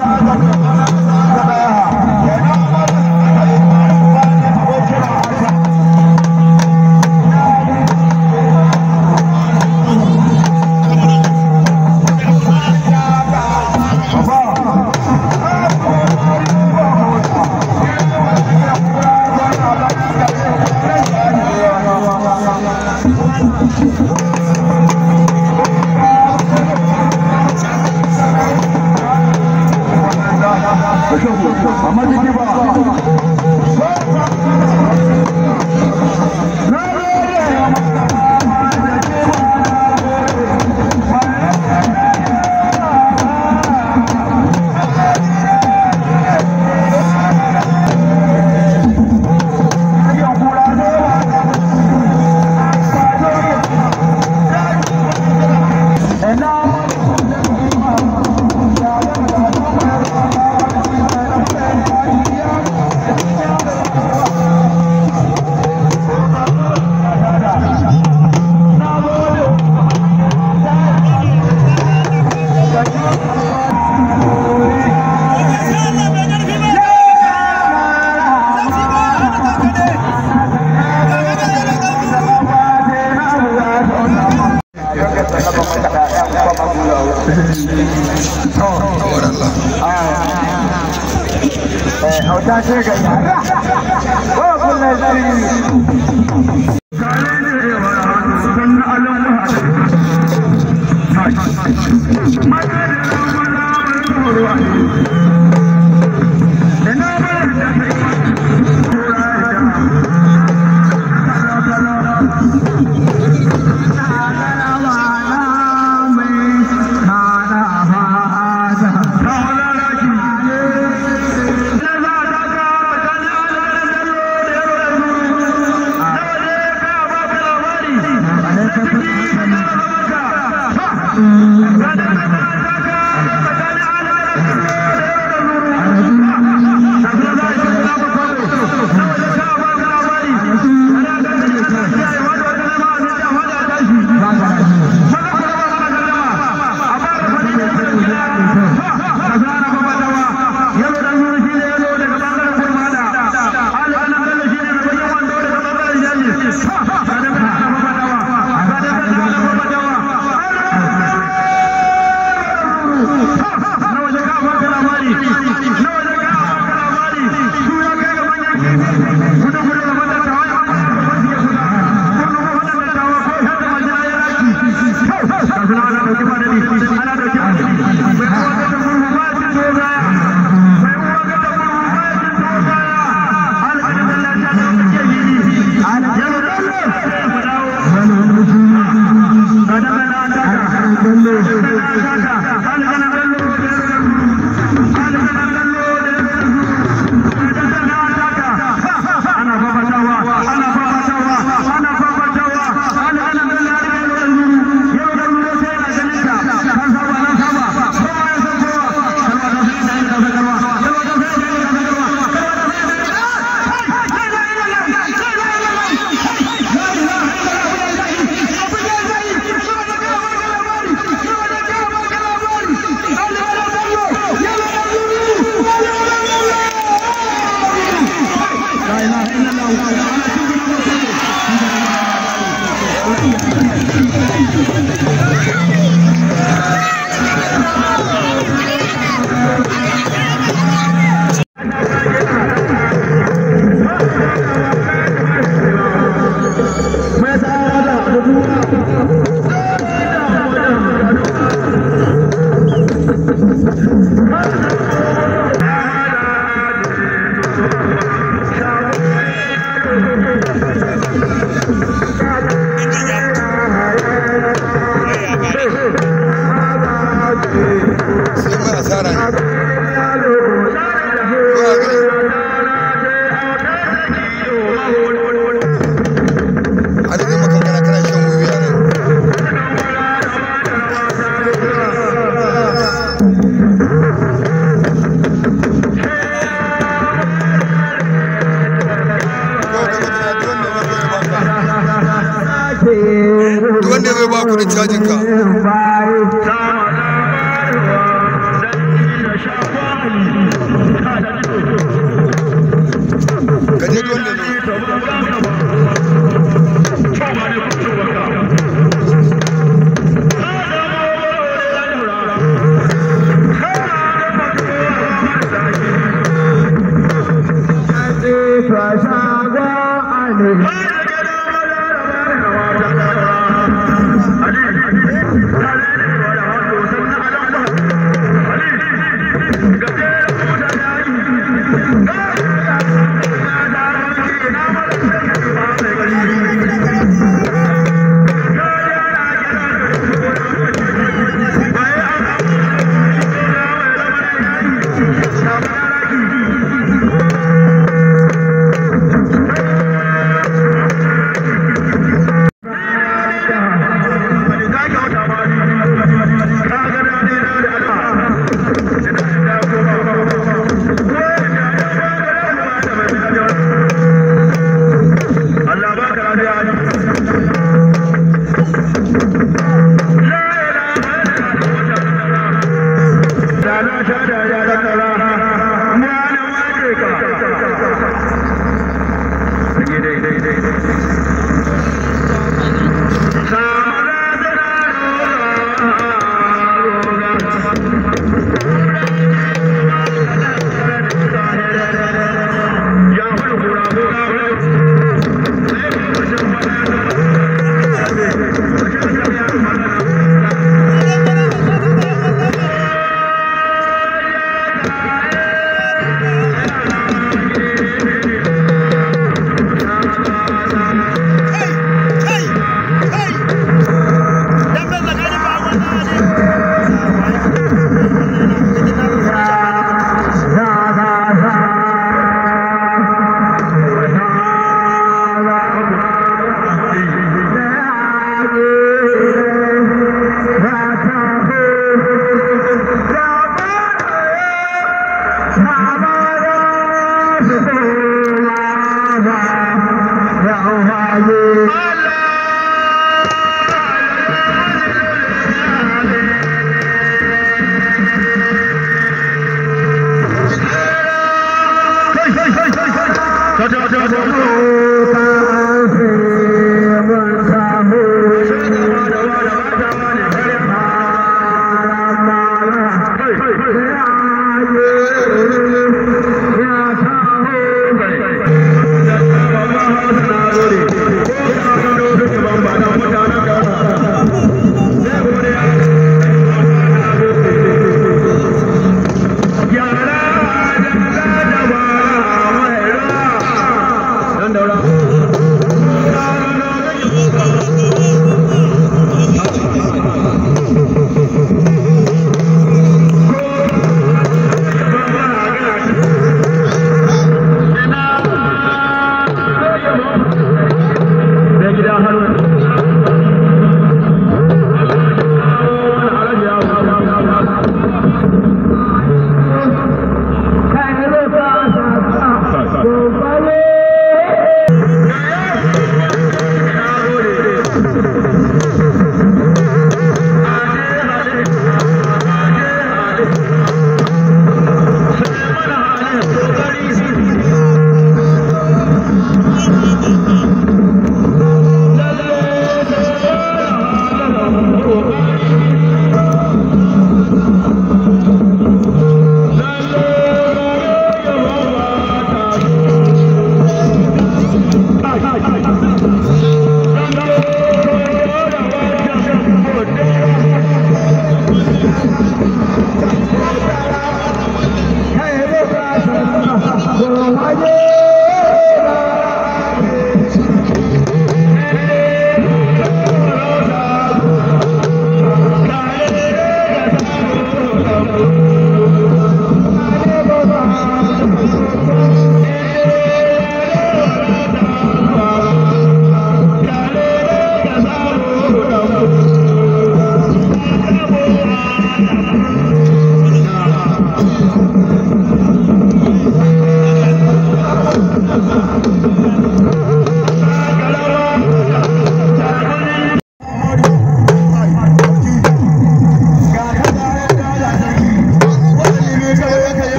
Thank you. hauta ce ga ba kullum sirri Thank you. دو دو وندے جاؤ کو ختم بجنا يا جي جي کبلان دکواني علي سلام جا مي ونگے جب روما چلو جا مي ونگے Thank you.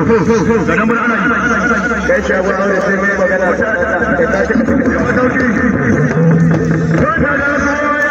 da nan ana yi kai shagon aure sai mai magana ta ta ta ta ta ta